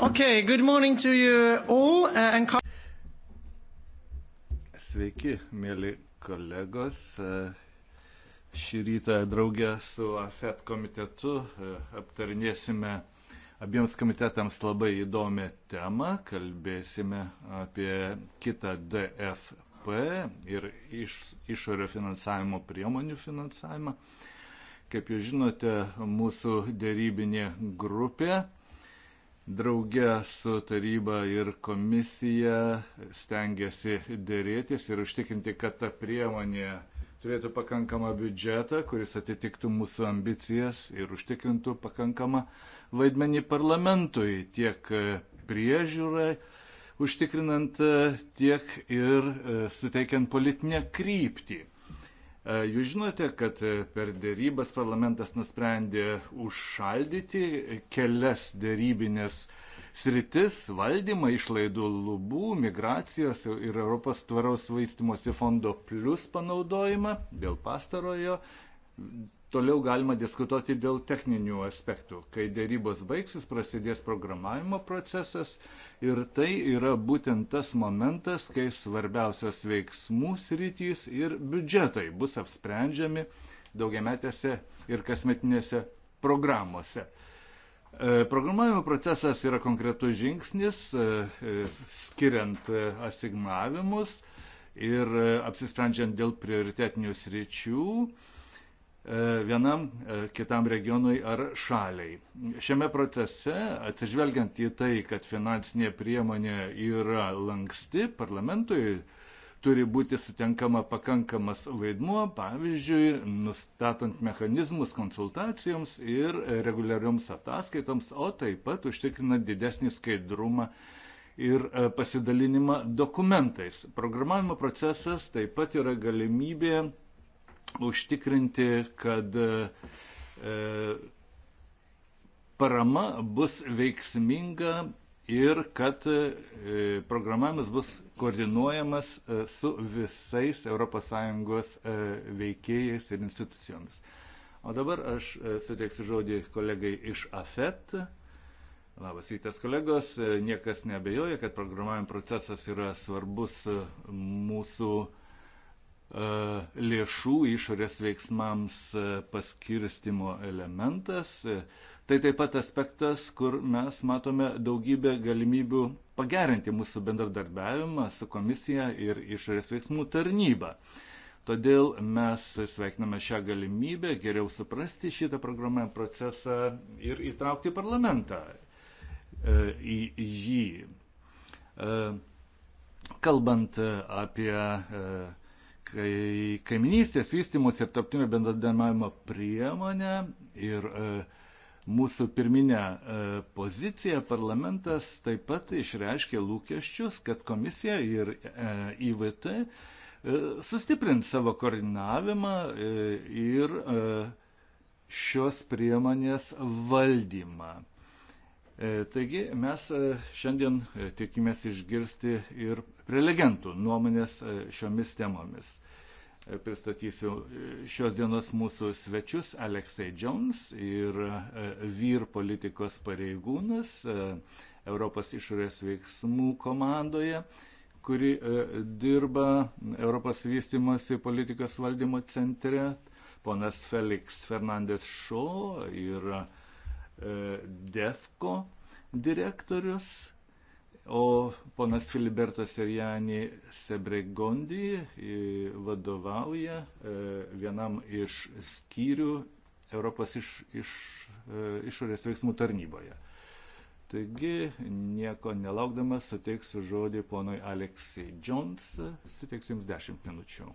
Okay, good morning to you all uh, and Sveiki, mėly kolegos. Uh, šį rytą draugę su AFET komitetu uh, aptarinėsime abiems komitetams labai įdomią temą. Kalbėsime apie kitą DFP ir iš, išorio finansavimo priemonių finansavimą. Kaip jūs žinote, mūsų dėrybinė grupė draugė su taryba ir komisija stengiasi dėrėtis ir užtikrinti, kad ta priemonė turėtų pakankamą biudžetą, kuris atitiktų mūsų ambicijas ir užtikrintų pakankamą vaidmenį parlamentui tiek priežiūrai, užtikrinant tiek ir e, suteikiant politinę kryptį. E, jūs žinote, kad e, per dėrybas parlamentas nusprendė užšaldyti kelias dėrybinės sritis - valdymą, išlaidų lubų, migracijos ir Europos tvaraus vaistimosi fondo plus panaudojimą dėl pastarojo. Toliau galima diskutuoti dėl techninių aspektų. Kai dėrybos baigsis, prasidės programavimo procesas ir tai yra būtent tas momentas, kai svarbiausios veiksmų sritys ir biudžetai bus apsprendžiami daugiametėse ir kasmetinėse programuose. E, programavimo procesas yra konkretus žingsnis, e, e, skiriant asignavimus ir apsisprendžiant dėl prioritetinių sričių E, vienam e, kitam regionui ar šaliai. Šiame procese, atsižvelgiant į tai, kad finansinė priemonė yra lanksti, parlamentui turi būti sutenkama pakankamas vaidmuo, pavyzdžiui, nustatant mechanizmus konsultacijoms ir reguliarioms ataskaitoms, o taip pat užtikrinant didesnį skaidrumą ir e, pasidalinimą dokumentais. Programavimo procesas taip pat yra galimybė užtikrinti, kad e, parama bus veiksminga ir kad e, programavimas bus koordinuojamas e, su visais ES veikėjais ir institucijomis. O dabar aš suteiksiu žodį kolegai iš AFET. Labas rytas kolegos, niekas nebejoja, kad programavimo procesas yra svarbus mūsų uh, E, lėšų išorės veiksmams e, paskirstimo elementas. E, tai taip pat aspektas, kur mes matome daugybę galimybių pagerinti mūsų bendradarbiavimą su komisija ir išorės veiksmų tarnyba. Todėl mes sveikiname šią galimybę geriau suprasti šitą programą procesą ir įtraukti parlamentą į jį. Kalbant apie kai kaiminystės vystimus ir taptinio bendradarbiavimo priemonę ir e, mūsų pirminę e, poziciją parlamentas taip pat išreiškė lūkesčius, kad komisija ir e, IVT e, sustiprint savo koordinavimą e, ir e, šios priemonės valdymą. E, taigi mes e, šiandien e, tikimės išgirsti ir prelegentų nuomonės e, šiomis temomis. E, pristatysiu e, šios dienos mūsų svečius Aleksai Jones ir vyr politikos pareigūnas Europos išorės veiksmų komandoje, kuri dirba Europos vystimosi politikos valdymo centre. Ponas Felix Fernandes Šo yra DEFCO direktorius O ponas Filibertas Serjani Sebregondi e, vadovauja e, vienam iš skyrių Europos iš, iš, e, išorės veiksmų tarnyboje. Taigi, nieko nelaukdamas, suteiksiu žodį ponui Aleksijai Jones, suteiksiu jums 10 minučių.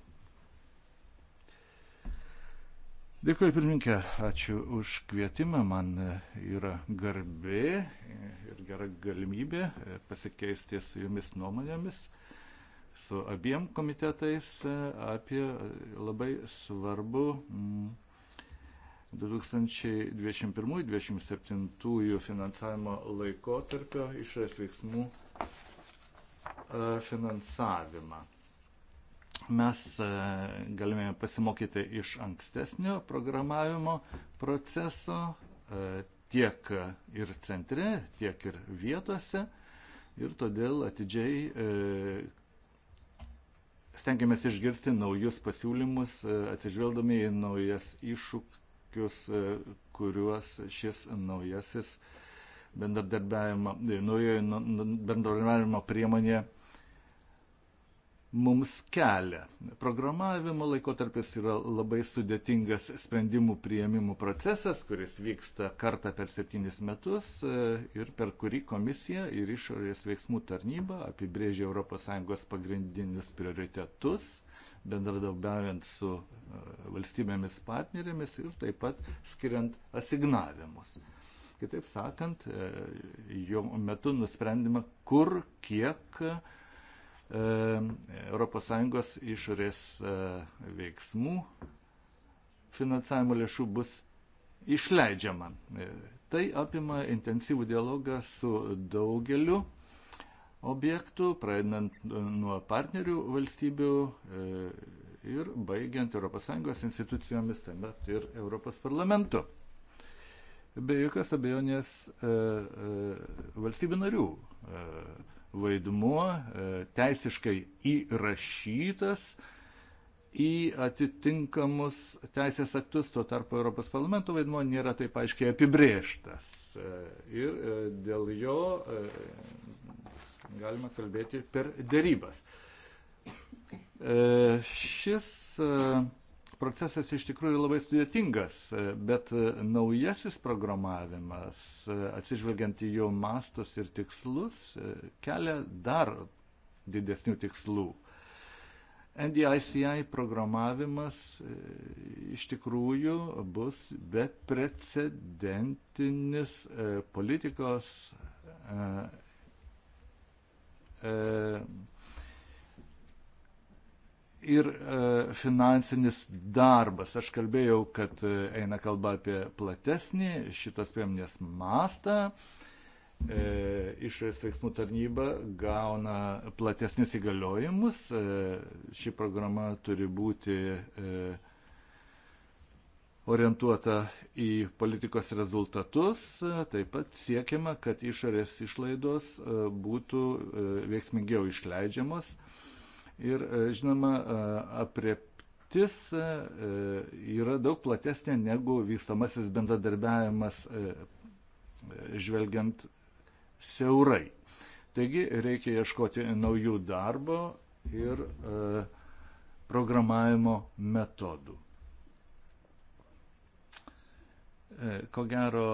Dėkuoju, pirminkė, ačiū už kvietimą. Man yra garbė ir gera galimybė pasikeisti su jumis nuomonėmis, su abiem komitetais apie labai svarbu 2021-2027 mm, finansavimo laikotarpio išorės veiksmų finansavimą. Mes e, galime pasimokyti iš ankstesnio programavimo proceso e, tiek ir centre, tiek ir vietose. Ir todėl atidžiai e, stengiamės išgirsti naujus pasiūlymus, atsižvelgdami į naujas iššūkius, kuriuos šis naujasis bendradarbiavimo, naujojo bendradarbiavimo priemonė mums kelia. Programavimo laikotarpis yra labai sudėtingas sprendimų prieimimų procesas, kuris vyksta kartą per septynis metus e, ir per kurį komisija ir išorės veiksmų tarnyba apibrėžia ES pagrindinius prioritetus bendradarbiaujant su e, valstybėmis partnerėmis ir taip pat skiriant asignavimus. Kitaip sakant, e, jo metu nusprendima, kur, kiek ES išorės e, veiksmų finansavimo lėšų bus išleidžiama. E, tai apima intensyvų dialogą su daugeliu objektų, pradedant nuo partnerių valstybių e, ir baigiant ES institucijomis, taip pat ir Europos parlamentu. Be jokios abejonės valstybių narių vaidmuo e, teisiškai įrašytas į atitinkamus teisės aktus, tuo tarpu Europos parlamento vaidmuo nėra taip aiškiai apibrėžtas. E, ir e, dėl jo galima kalbėti per dėrybas. Šis Procesas iš tikrųjų labai sudėtingas, bet naujasis programavimas, atsižvelgiant į jo mastus ir tikslus, kelia dar didesnių tikslų. NDICI programavimas iš tikrųjų bus beprecedentinis e, politikos e, e, ir e, finansinis darbas. Aš kalbėjau, kad e, eina kalba apie platesnį šitos priemonės mastą. E, išorės veiksmų tarnyba gauna platesnius įgaliojimus. Ši programa turi būti orientuota į politikos rezultatus, taip pat siekiama, kad išorės išlaidos būtų veiksmingiau išleidžiamos. Ir e, žinoma, e, apreptis e, yra daug platesnė negu vykstamasis bendradarbiavimas žvelgiant siaurai. Taigi reikia ieškoti naujų darbo ir programavimo metodų. Ko gero,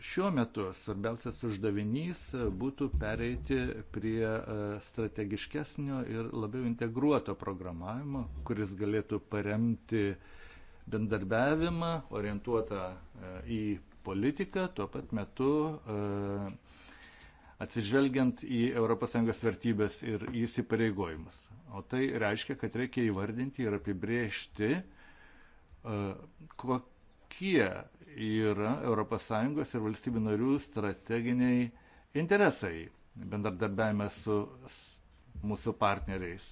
šiuo metu svarbiausias uždavinys būtų pereiti prie e, strategiškesnio ir labiau integruoto programavimo, kuris galėtų paremti bendarbiavimą orientuotą e, į politiką, tuo pat metu e, atsižvelgiant į ES vertybės ir įsipareigojimus. O tai reiškia, kad reikia įvardinti ir apibriežti, kokie yra ES ir valstybių narių strateginiai interesai bendradarbiavime su mūsų partneriais.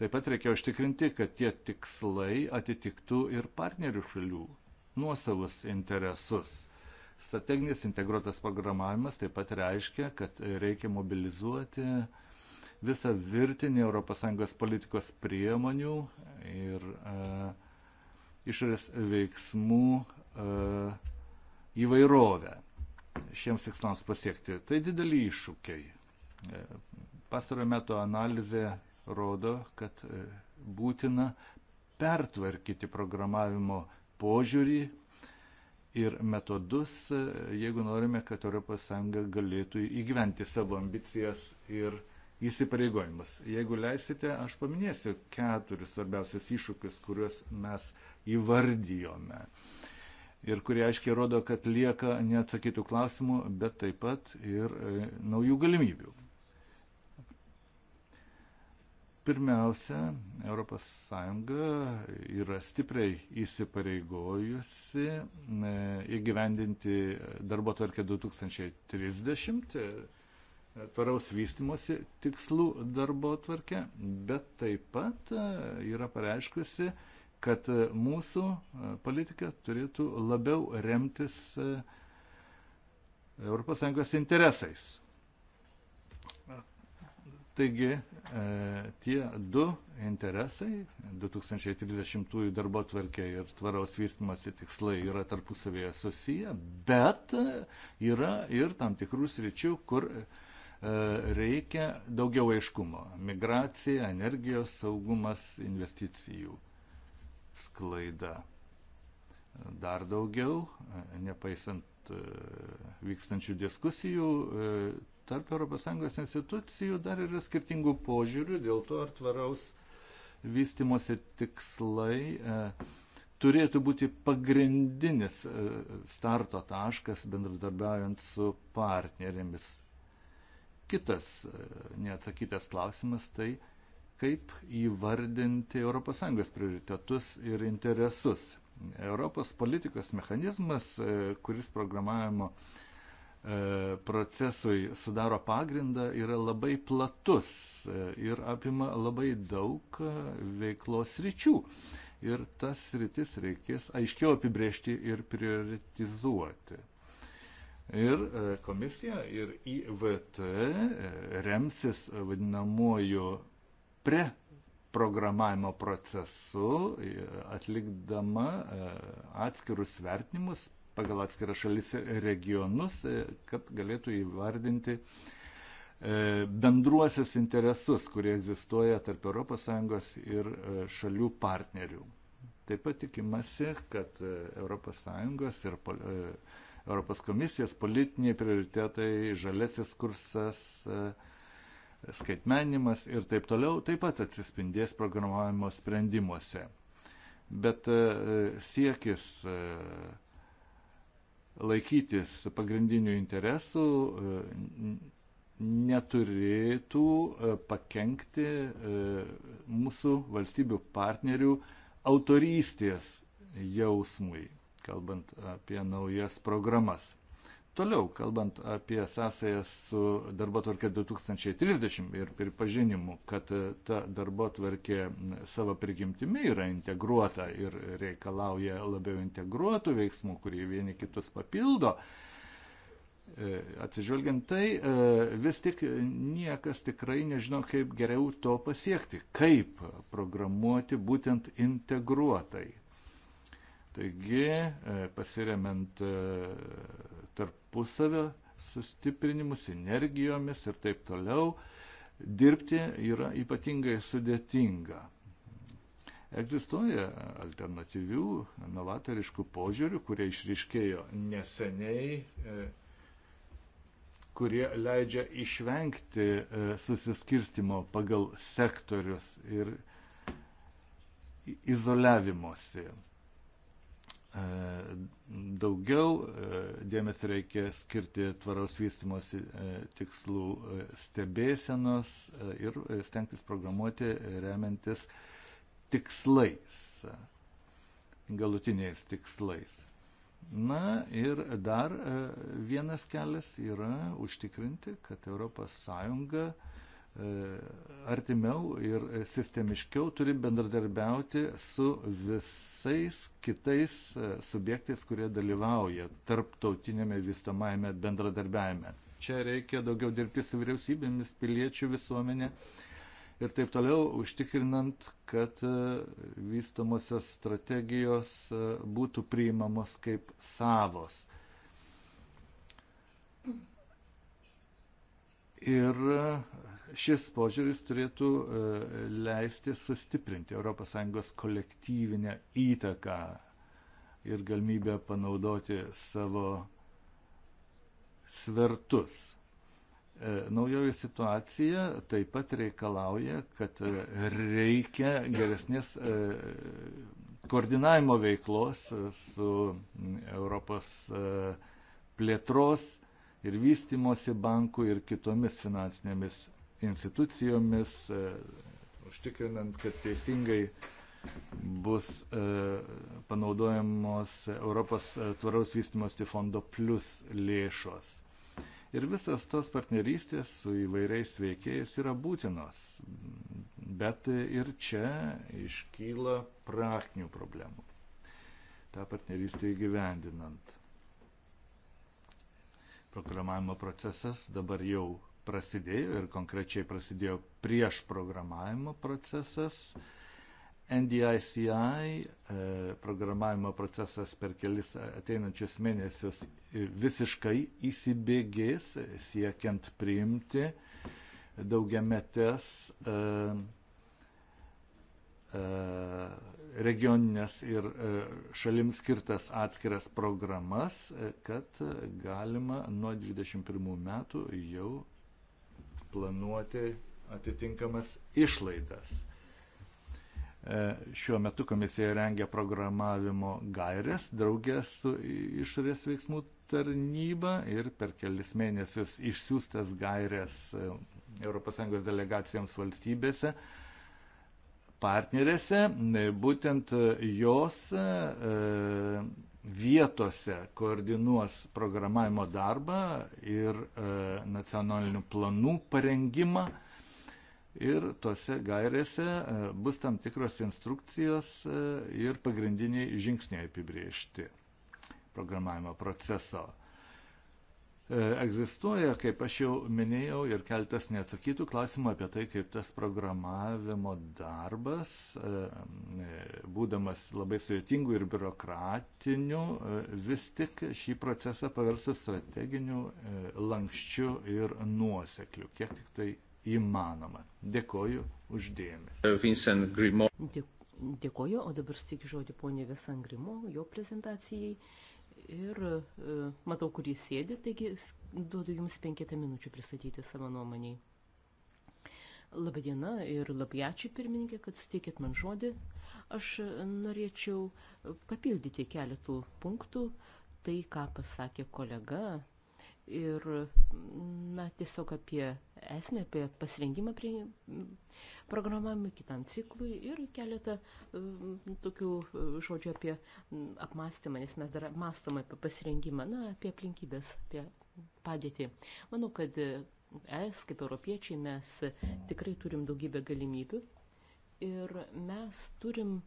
Taip pat reikia užtikrinti, kad tie tikslai atitiktų ir partnerių šalių nuosavus interesus. Strateginis integruotas programavimas taip pat reiškia, kad reikia mobilizuoti visą virtinį ES politikos priemonių ir e, išorės veiksmų E, įvairovę šiems tikslams pasiekti. Tai dideli iššūkiai. E, pastarojo metu analizė rodo, kad e, būtina pertvarkyti programavimo požiūrį ir metodus, jeigu norime, kad ES galėtų įgyventi savo ambicijas ir įsipareigojimus. Jeigu leisite, aš paminėsiu keturis svarbiausias iššūkius, kuriuos mes įvardyjome. Uh, ir kurie aiškiai rodo, kad lieka neatsakytų klausimų, bet taip pat ir e, naujų galimybių. Pirmiausia, ES yra stipriai įsipareigojusi e, įgyvendinti darbo tvarkę 2030 e, tvaraus vystimosi tikslų darbo tvarkę, bet taip pat yra pareiškusi, kad e, mūsų e, politika turėtų labiau remtis ES interesais. Taigi e, tie du interesai, 2030 darbo tvarkė ir tvaraus vystimosi tikslai yra tarpusavėje susiję, bet yra ir tam tikrų sričių, kur reikia daugiau aiškumo. Migracija, energijos saugumas, investicijų sklaida. Dar daugiau, nepaisant e, vykstančių diskusijų, e, tarp ES institucijų dar yra skirtingų požiūrių, dėl to ar tvaraus vystimosi tikslai e, turėtų būti pagrindinis starto taškas bendradarbiaujant su partnerėmis. Kitas neatsakytas klausimas tai kaip įvardinti ES prioritetus ir interesus. Europos politikos mechanizmas, e, kuris programavimo e, procesui sudaro pagrindą, yra labai platus e, ir apima labai daug veiklos ryčių. Ir tas rytis reikės aiškiau apibriežti ir prioritizuoti. Ir komisija ir IVT remsis vadinamuoju pre programavimo procesu, e, atlikdama e, atskirus vertinimus pagal atskiras šalis regionus, e, kad galėtų įvardinti bendruosius interesus, kurie egzistuoja tarp ES ir šalių partnerių. Taip pat tikimasi, kad ES ir ES komisijos politiniai prioritetai, žalesis kursas, skaitmenimas ir taip toliau taip pat atsispindės programavimo sprendimuose. Bet e, siekis e, laikytis pagrindinių interesų e, neturėtų pakengti mūsų valstybių partnerių autorystės jausmui, kalbant apie naujas programas. Toliau, kalbant apie sąsajas su darbo tvarkė 2030 ir pripažinimu, kad ta darbo tvarkė savo prigimtimi yra integruota ir reikalauja labiau integruotų veiksmų, kurie vieni kitus papildo, e, atsižvelgiant tai, e, vis tik niekas tikrai nežino, kaip geriau to pasiekti, kaip programuoti būtent integruotai. Taigi, e, pasiremiant tarpusavio sustiprinimu, sinergijomis ir taip toliau dirbti yra ypatingai sudėtinga. Egzistuoja alternatyvių, novatoriškų požiūrių, kurie išriškėjo neseniai, e, kurie leidžia išvengti e, susiskirstimo pagal sektorius ir izoliavimuose. E, daugiau e, dėmesio reikia skirti tvaraus vystimosi e, tikslų stebėsenos ir stengtis programuoti remiantis tikslais, galutiniais tikslais. Na ir dar vienas kelias yra užtikrinti, kad ES artimiau ir sistemiškiau turi bendradarbiauti su visais kitais e, subjektais, kurie dalyvauja tarptautinėme vystomajame bendradarbiavime. Čia reikia daugiau dirbti su vyriausybėmis, piliečių visuomenė ir taip toliau, užtikrinant, kad e, vystomosios strategijos e, būtų priimamos kaip savos. Ir Šis požiūris turėtų e, leisti sustiprinti ES kolektyvinę įtaką ir galimybę panaudoti savo svertus. E, naujoji situacija taip pat reikalauja, kad e, reikia geresnės koordinavimo veiklos su Europos plėtros ir vystimosi banku ir kitomis finansinėmis institucijomis, e, užtikrinant, kad teisingai bus e, panaudojamos Europos e, tvaraus vystimosti fondo plus lėšos. Ir visas tos partnerystės su įvairiais veikėjais yra būtinos. Bet ir čia iškyla praktinių problemų. Ta partnerystė įgyvendinant. Programavimo procesas dabar jau prasidėjo ir konkrečiai prasidėjo prieš programavimo procesas. NDICI e, programavimo procesas per kelis ateinančius mėnesius visiškai įsibėgės siekiant priimti daugiametes e, e, regioninės ir šalims skirtas atskiras programas, kad galima nuo 21 metų jau planuoti atitinkamas išlaidas. E, šiuo metu komisija rengia programavimo gairias draugės su išorės veiksmų tarnyba ir per kelis mėnesius išsiųstas gairias ES delegacijams valstybėse partnerėse, e, būtent e, jos vietose koordinuos programavimo darbą ir e, nacionalinių planų parengimą. Ir tose gairėse e, bus tam tikros instrukcijos e, ir pagrindiniai žingsniai apibriežti programavimo proceso. E, egzistuoja, kaip aš jau minėjau, ir keltas neatsakytų klausimų apie tai, kaip tas programavimo darbas, e, e, būdamas labai sudėtingu ir biurokratiniu, vis tik šį procesą paversų strateginiu, lankščiu ir nuosekliu, kiek tik tai įmanoma. Dėkoju uždėmesi. Vincent Grimo. Dėkoju, o dabar stik žodį ponė Visang Grimo, jo prezentacijai ir e, matau, kur jis sėdi, taigi duodu jums penketą minučių pristatyti savo nuomonį. Labadiena ir labai ačiū pirmininkė, kad suteikėt man žodį. Aš norėčiau papildyti keletų punktų tai, ką pasakė kolega ir, na, tiesiog apie esmę, apie pasirengimą prie programavimui kitam ciklui ir keletą tokių e, žodžių apie apmąstymą, nes mes dar apmąstom apie pasirengimą, na, apie aplinkybės, apie padėtį. Manau, kad e, es, kaip europiečiai, mes tikrai turim daugybę galimybių ir mes turim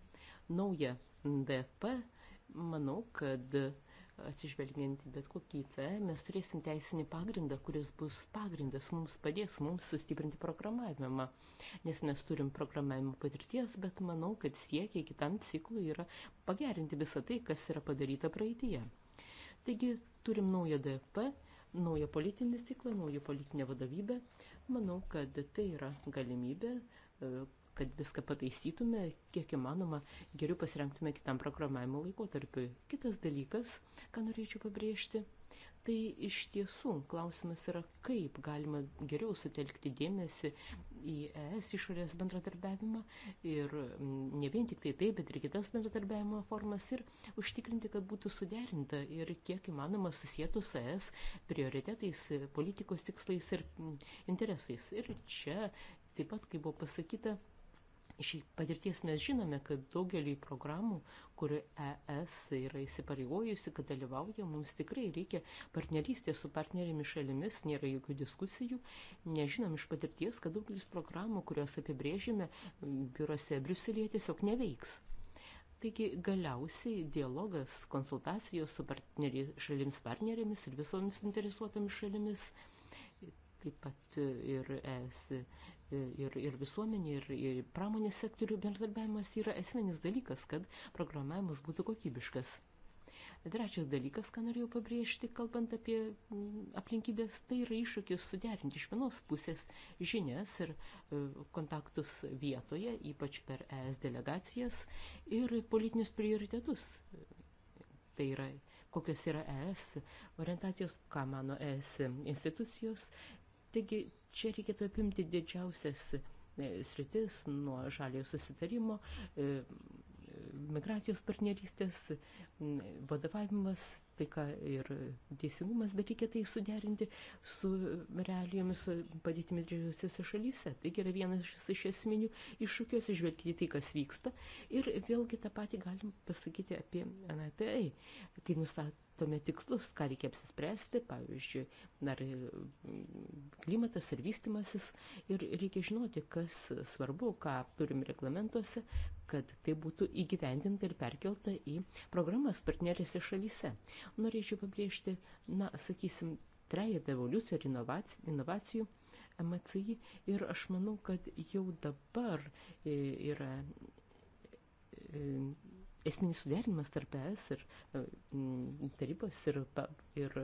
naują DFP. Manau, kad atsižvelgiant bet kokį ICE, mes turėsim teisinį pagrindą, kuris bus pagrindas, mums padės mums sustiprinti programavimą. Nes mes turim programavimo patirties, bet manau, kad siekiai kitam ciklui yra pagerinti visą tai, kas yra padaryta praeitie. Taigi turim naują DFP, naują politinį ciklą, naują politinę vadovybę. Manau, kad tai yra galimybė kad viską pataisytume, kiek įmanoma, geriau pasirengtume kitam programavimo laikotarpiu. Kitas dalykas, ką norėčiau pabrėžti, tai iš tiesų klausimas yra, kaip galima geriau sutelkti dėmesį į ES išorės bendradarbiavimą ir mm, ne vien tik tai tai, bet ir kitas bendradarbiavimo formas ir užtikrinti, kad būtų suderinta ir kiek įmanoma susijętų su ES prioritetais, politikos tikslais ir mm, interesais. Ir čia taip pat, kaip buvo pasakyta, Iš patirties mes žinome, kad daugelį programų, kurių ES yra įsipareigojusi, kad dalyvauja, mums tikrai reikia partnerystės su partnerėmis šalimis, nėra jokių diskusijų. Nežinom iš patirties, kad daugelis programų, kurios apibrėžime biurose Briuselėje, tiesiog neveiks. Taigi galiausiai dialogas, konsultacijos su partnerė, šalims partnerėmis ir visomis interesuotomis šalimis, taip pat ir ES ir, ir visuomenė, ir, ir pramonės sektorių bendradarbiavimas yra esminis dalykas, kad programavimas būtų kokybiškas. Trečias dalykas, ką norėjau pabrėžti, kalbant apie mm, aplinkybės, tai yra iššūkis suderinti iš vienos pusės žinias ir e, kontaktus vietoje, ypač per ES delegacijas, ir politinius prioritetus. Tai yra, kokios yra ES orientacijos, ką mano ES institucijos. Taigi Čia reikėtų apimti didžiausias e, sritis nuo žaliojo susitarimo, e, migracijos partnerystės, vadovavimas taika ir teisingumas, bet reikia tai suderinti su realijomis padėtimis didžiosiuose šalyse. Tai yra vienas iš esminių iššūkių atsižvelgti į tai, kas vyksta. Ir vėlgi tą patį galim pasakyti apie NATA, kai nustatome tikslus, ką reikia apsispręsti, pavyzdžiui, ar mm, klimatas ar vystimasis. Ir reikia žinoti, kas svarbu, ką turim reglamentuose, kad tai būtų įgyvendinta ir perkelta į programas partnerėse šalyse. Norėčiau pabrėžti, na, sakysim, trejetą evoliucijų ir inovacijų, inovacijų MCI ir aš manau, kad jau dabar e, yra e, esminis suderinimas tarp ES ir e, tarybos ir, ir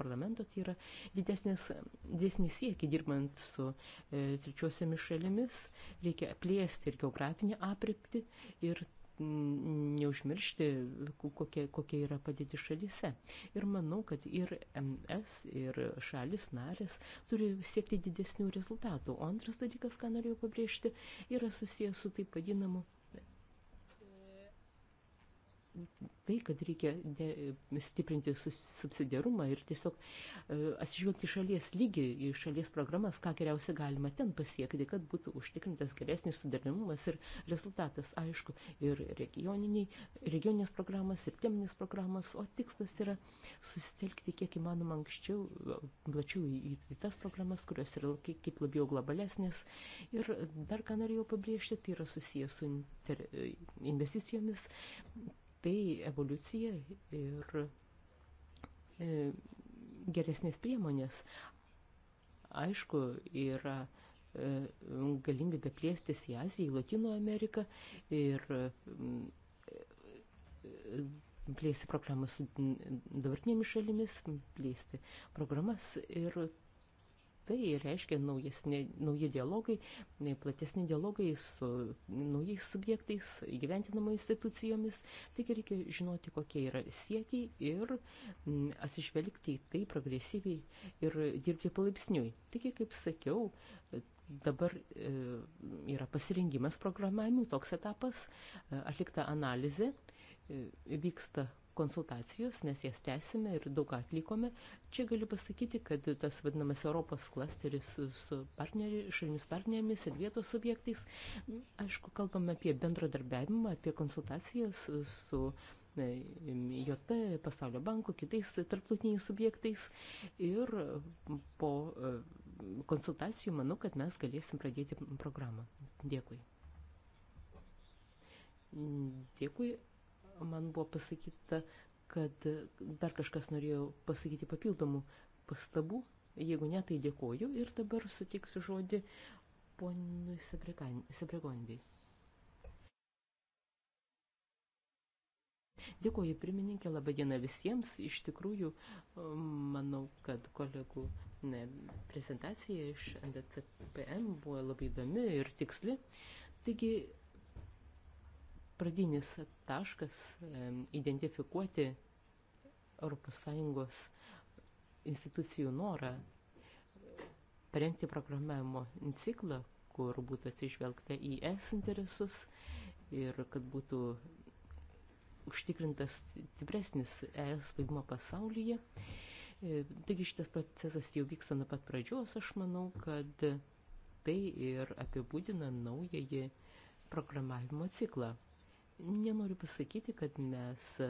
parlamento tai yra didesnis, didesnis siekiai dirbant su e, trečiosiamis šalimis, reikia plėsti ir geografinį apripti ir neužmiršti, kokia, kokia yra padėti šalyse. Ir manau, kad ir MS, ir šalis narės turi siekti didesnių rezultatų. O antras dalykas, ką norėjau pabrėžti, yra susijęs su taip vadinamu tai, kad reikia stiprinti subsidiarumą ir tiesiog e, atsižvelgti šalies lygį, į šalies programas, ką geriausia galima ten pasiekti, kad būtų užtikrintas geresnis sudarinimumas ir rezultatas, aišku, ir regioninės programos, ir teminės programos, o tikslas yra susitelkti kiek įmanoma anksčiau, plačiau į, į tas programas, kurios yra kaip labiau globalesnės. Ir dar ką norėjau pabrėžti, tai yra susijęs su inter, investicijomis tai evoliucija ir e, geresnės priemonės. Aišku, yra e, galimybė plėstis į Aziją, į Latino Ameriką ir e, plėsti programas su dabartinėmis šalimis, plėsti programas ir Tai reiškia naujesni, nauji dialogai, platesni dialogai su naujais subjektais, gyventinamo institucijomis. Taigi reikia žinoti, kokie yra siekiai ir atsižvelgti į tai progresyviai ir dirbti palaipsniui. Taigi, kaip sakiau, dabar e, yra pasirengimas programavimui, toks etapas, e, atlikta analizė, e, vyksta konsultacijos, nes jas tęsime ir daug atlikome. Čia galiu pasakyti, kad tas vadinamas Europos klasteris su partneri, šalimis partnerėmis ir vietos subjektais, aišku, kalbame apie bendradarbiavimą, apie konsultacijas su e, JT, Pasaulio banku, kitais tarptautiniais subjektais ir po e, konsultacijų manau, kad mes galėsim pradėti programą. Dėkui. Dėkui man buvo pasakyta, kad dar kažkas norėjo pasakyti papildomų pastabų. Jeigu ne, tai dėkoju ir dabar sutiksiu žodį ponui Sebregondijai. Dėkoju pirmininkė, laba diena visiems. Iš tikrųjų, manau, kad kolegų ne, prezentacija iš NDCPM buvo labai įdomi ir tiksli. Taigi, pradinis taškas identifikuoti ES institucijų norą parengti programavimo ciklą, kur būtų atsižvelgta į es interesus ir kad būtų užtikrintas stipresnis es vaidmo pasaulyje. E, taigi šitas procesas jau vyksta nuo pat pradžios, aš manau, kad tai ir apibūdina naująjį programavimo ciklą. Nenoriu pasakyti, kad mes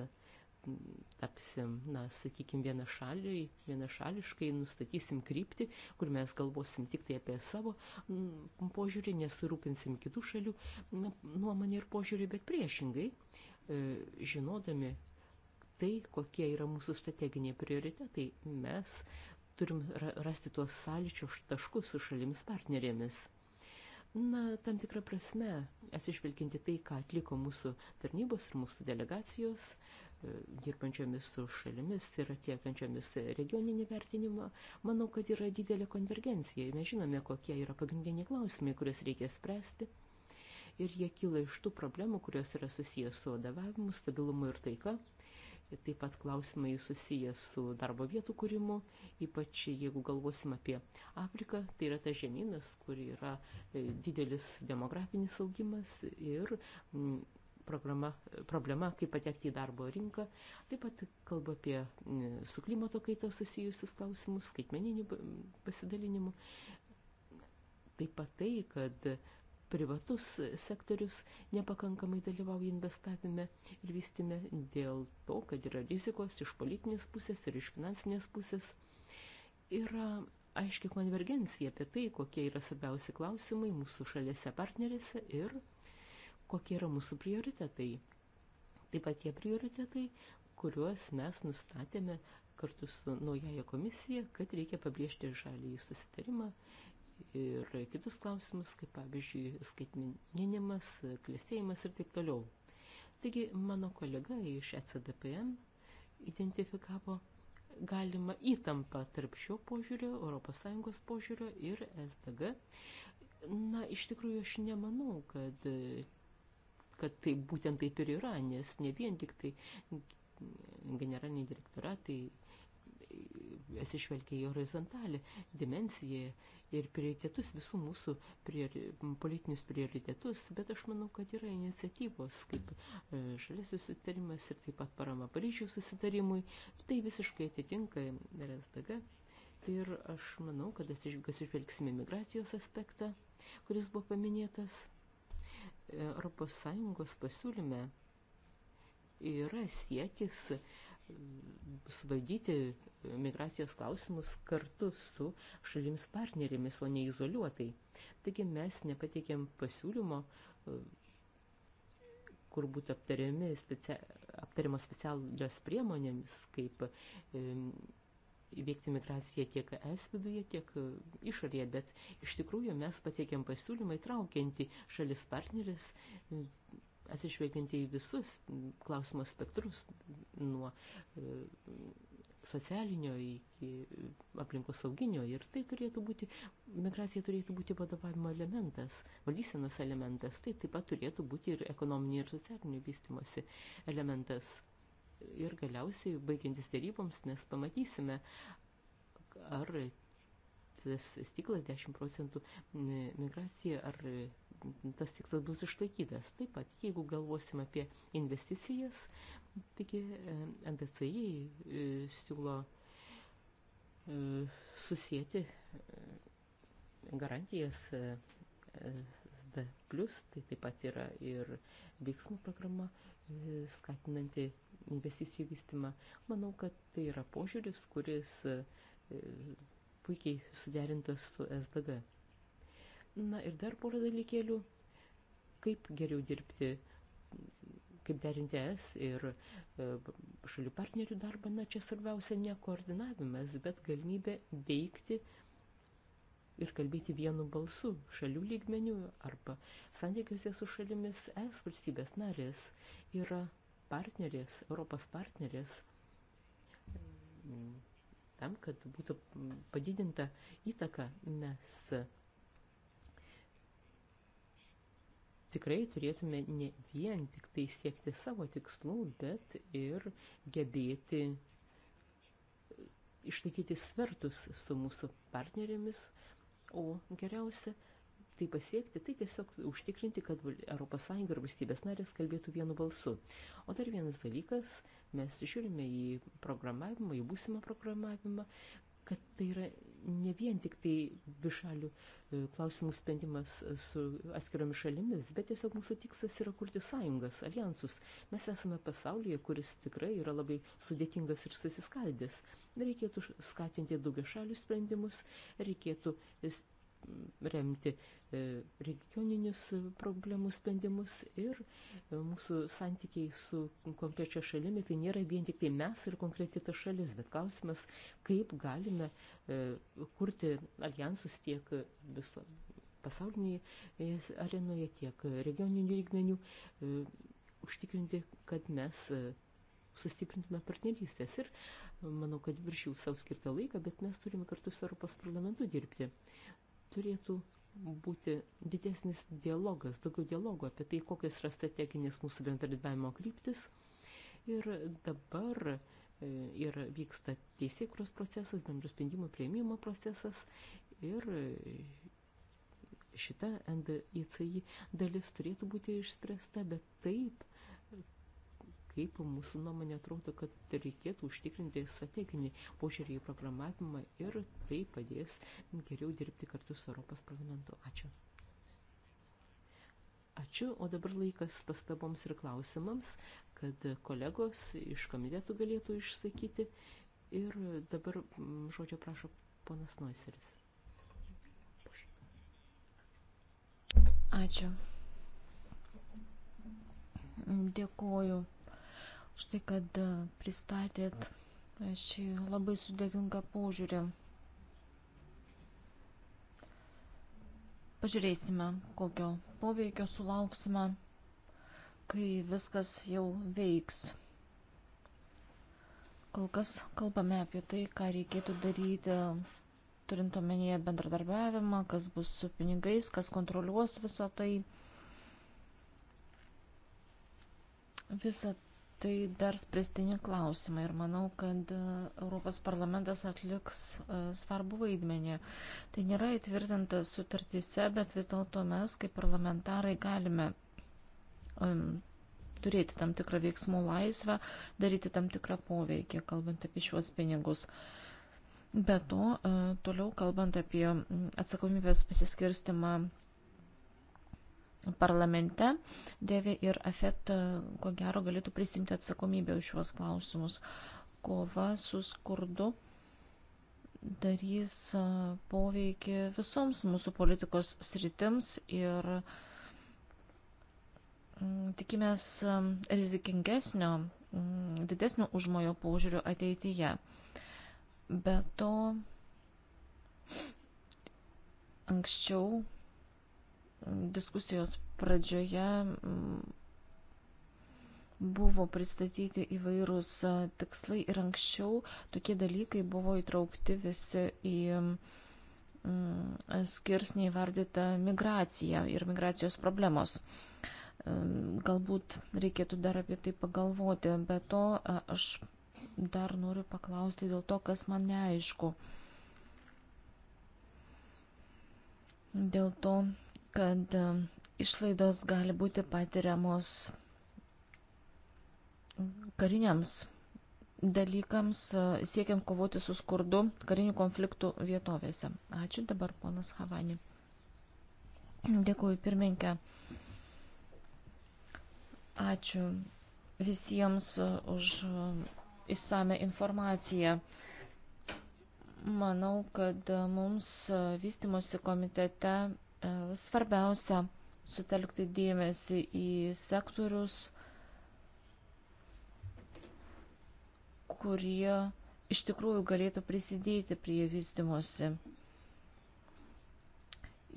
tapsim, na, sakykim, vienašaliai, vienašališkai nustatysim kryptį, kur mes galvosim tik tai apie savo požiūrį, nesirūpinsim kitų šalių nuomonę ir požiūrį, bet priešingai, e, žinodami tai, kokie yra mūsų strateginiai prioritetai, mes turim rasti tuos sąlyčio taškus su šalims partnerėmis. Na, tam tikrą prasme, atsižvelginti tai, ką atliko mūsų tarnybos ir mūsų delegacijos, e, dirbančiomis su šalimis ir atliekančiomis regioninį vertinimą, manau, kad yra didelė konvergencija. Mes žinome, kokie yra pagrindiniai klausimai, kuriuos reikia spręsti. Ir jie kyla iš tų problemų, kurios yra susijęs su vadovavimu, stabilumu ir taika taip pat klausimai susiję su darbo vietų kūrimu, ypač jeigu galvosim apie Afriką, tai yra ta žemynas, kur yra e, didelis demografinis augimas ir programa, problema, kaip patekti į darbo rinką. Taip pat kalba apie su klimato kaita susijusius klausimus, skaitmeninių pasidalinimų. Taip pat tai, kad privatus sektorius nepakankamai dalyvauja investavime ir vystime dėl to, kad yra rizikos iš politinės pusės ir iš finansinės pusės. Yra aiški konvergencija apie tai, kokie yra svarbiausi klausimai mūsų šalėse partnerėse ir kokie yra mūsų prioritetai. Taip pat tie prioritetai, kuriuos mes nustatėme kartu su naujaja komisija, kad reikia pabrėžti žalį į susitarimą ir kitus klausimus, kaip pavyzdžiui skaitmininimas, klėsėjimas ir taip toliau. Taigi mano kolega iš ECDPM identifikavo galima įtampa tarp šio požiūrio, ES požiūrio ir SDG. Na, iš tikrųjų, aš nemanau, kad, kad tai būtent taip ir yra, nes ne vien tik tai generaliniai direktoratai atsižvelgia į horizontalį dimensiją ir prioritetus visų mūsų priori, politinius prioritetus, bet aš manau, kad yra iniciatyvos kaip šalis e, susitarimas ir taip pat parama Paryžiaus susitarimui, tai visiškai atitinka RSDG. Ir aš manau, kad atsižvelgsime migracijos aspektą, kuris buvo paminėtas e, Europos Sąjungos pasiūlyme yra siekis suvaldyti migracijos klausimus kartu su šalims partnerėmis, o ne izoliuotai. Taigi mes nepateikėm pasiūlymo, kur būtų specia, aptariamos specialios priemonėmis, kaip įveikti migraciją tiek es viduje, tiek išorėje, bet iš tikrųjų mes pateikėm pasiūlymą įtraukianti šalis partneris atsižvelgiant į visus klausimo spektrus, nuo e, socialinio iki aplinkos sauginio. Ir tai turėtų būti, migracija turėtų būti vadovavimo elementas, valdysenos elementas. Tai taip pat turėtų būti ir ekonominio ir socialinio vystimosi elementas. Ir galiausiai, baigiantis dėryboms, mes pamatysime, ar tas stiklas 10 procentų migracija, ar tas tikslas bus išlaikytas. Taip pat, jeigu galvosim apie investicijas, taigi e, NDCI e, siūlo e, susijęti garantijas SD, tai taip pat yra ir veiksmų programa skatinanti investicijų vystymą. Manau, kad tai yra požiūris, kuris puikiai suderintas su SDG. Na ir dar porą dalykėlių, kaip geriau dirbti, kaip derinti es ir e, šalių partnerių darbą, na čia svarbiausia ne koordinavimas, bet galimybė veikti ir kalbėti vienu balsu šalių lygmeniu arba santykiuose su šalimis es valstybės narės yra partnerės, Europos partnerės mm, tam, kad būtų padidinta įtaka mes tikrai turėtume ne vien tik tai siekti savo tikslų, bet ir gebėti išlaikyti svertus su mūsų partnerėmis, o geriausia tai pasiekti, tai tiesiog užtikrinti, kad ES ir valstybės narės kalbėtų vienu balsu. O dar vienas dalykas, mes žiūrime į programavimą, į būsimą programavimą, kad tai yra ne vien tik tai bišalių e, klausimų sprendimas e, su atskiromis šalimis, bet tiesiog mūsų tikslas yra kurti sąjungas, alijansus. Mes esame pasaulyje, kuris tikrai yra labai sudėtingas ir susiskaldęs. Reikėtų skatinti daugia šalių sprendimus, reikėtų remti e, regioninius problemų sprendimus ir e, mūsų santykiai su konkrečia šalimi, tai nėra vien tik tai mes ir konkreti ta šalis, bet klausimas, kaip galime e, kurti alijansus tiek viso pasaulinėje arenoje, tiek regioninių lygmenių, užtikrinti, kad mes sustiprintume partnerystės. Ir manau, kad viršiau savo skirtą laiką, bet mes turime kartu su Europos parlamentu dirbti turėtų būti didesnis dialogas, daugiau dialogo apie tai, kokios yra strateginės mūsų bendradarbiavimo kryptis. Ir dabar e, ir vyksta teisėkros procesas, bendrų sprendimų prieimimo procesas ir e, šita NDICI dalis turėtų būti išspręsta, bet taip kaip mūsų nuomonė atrodo, kad reikėtų užtikrinti strateginį požiūrį į programavimą ir tai padės geriau dirbti kartu su Europos parlamentu. Ačiū. Ačiū, o dabar laikas pastaboms ir klausimams, kad kolegos iš komitetų galėtų išsakyti. Ir dabar žodžio prašo ponas Noiseris. Ačiū. Dėkoju štai kad e, pristatėt e, šį labai sudėtingą požiūrį. Pažiūrėsime, kokio poveikio sulauksime, kai viskas jau veiks. Kol kas kalbame apie tai, ką reikėtų daryti, turint omenyje bendradarbiavimą, kas bus su pinigais, kas kontroliuos visą tai. Visą Tai dar spręstini klausimai ir manau, kad e, Europos parlamentas atliks e, svarbu vaidmenį. Tai nėra įtvirtinta sutartyse, bet vis dėlto mes kaip parlamentarai galime um, turėti tam tikrą veiksmų laisvę, daryti tam tikrą poveikį, kalbant apie šiuos pinigus. Be to, e, toliau kalbant apie atsakomybės pasiskirstimą parlamente, Dėvi ir Afet, ko gero, galėtų prisimti atsakomybę už šiuos klausimus. Kova su skurdu darys poveikį visoms mūsų politikos sritims ir mm, tikimės rizikingesnio, mm, didesnio užmojo požiūrio ateityje. Be to, anksčiau diskusijos pradžioje mm, buvo pristatyti įvairūs tikslai ir anksčiau tokie dalykai buvo įtraukti visi į mm, skirsnį įvardytą migraciją ir migracijos problemos. Galbūt reikėtų dar apie tai pagalvoti, bet to aš dar noriu paklausti dėl to, kas man neaišku. Dėl to, kad e, išlaidos gali būti patiriamos kariniams dalykams, e, siekiant kovoti su skurdu karinių konfliktų vietovėse. Ačiū dabar, ponas Havani. Dėkuoju, pirmininkė. Ačiū visiems e, už išsame informaciją. Manau, kad mums vystimosi komitete Svarbiausia sutelkti dėmesį į sektorius, kurie iš tikrųjų galėtų prisidėti prie vystimosi.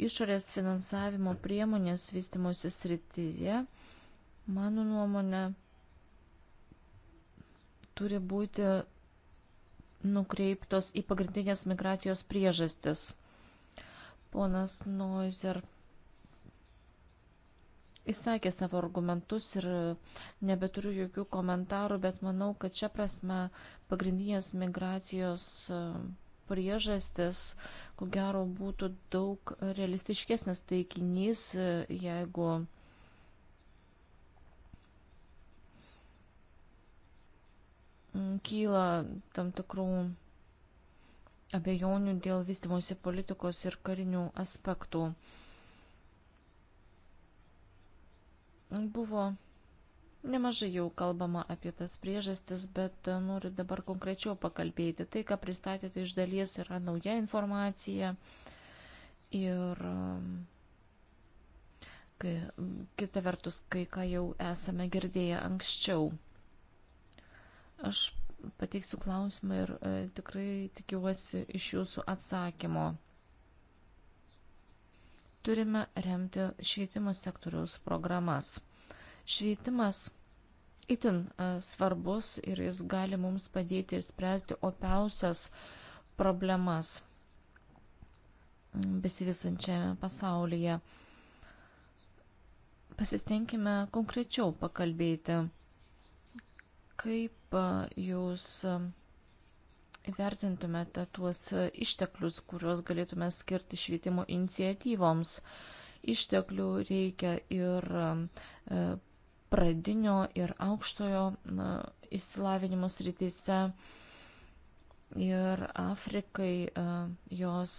Išorės finansavimo priemonės vystimosi srityje, mano nuomonė, turi būti nukreiptos į pagrindinės migracijos priežastis – Ponas Noizer įsakė savo argumentus ir nebeturiu jokių komentarų, bet manau, kad čia prasme pagrindinės migracijos e, priežastis, ko gero, būtų daug realistiškesnis taikinys, e, jeigu kyla tam tikrų abejonių dėl vystimosi politikos ir karinių aspektų. Buvo nemažai jau kalbama apie tas priežastis, bet noriu dabar konkrečiau pakalbėti. Tai, ką pristatėte iš dalies, yra nauja informacija ir um, kai, kita vertus, kai ką jau esame girdėję anksčiau. Aš pateiksiu klausimą ir e, tikrai tikiuosi iš jūsų atsakymo. Turime remti švietimo sektoriaus programas. Švietimas itin e, svarbus ir jis gali mums padėti ir spręsti opiausias problemas besivysančiame pasaulyje. Pasistengime konkrečiau pakalbėti Kaip jūs vertintumėte tuos išteklius, kuriuos galėtume skirti švietimo iniciatyvoms? Išteklių reikia ir pradinio ir aukštojo išsilavinimo srityse ir Afrikai jos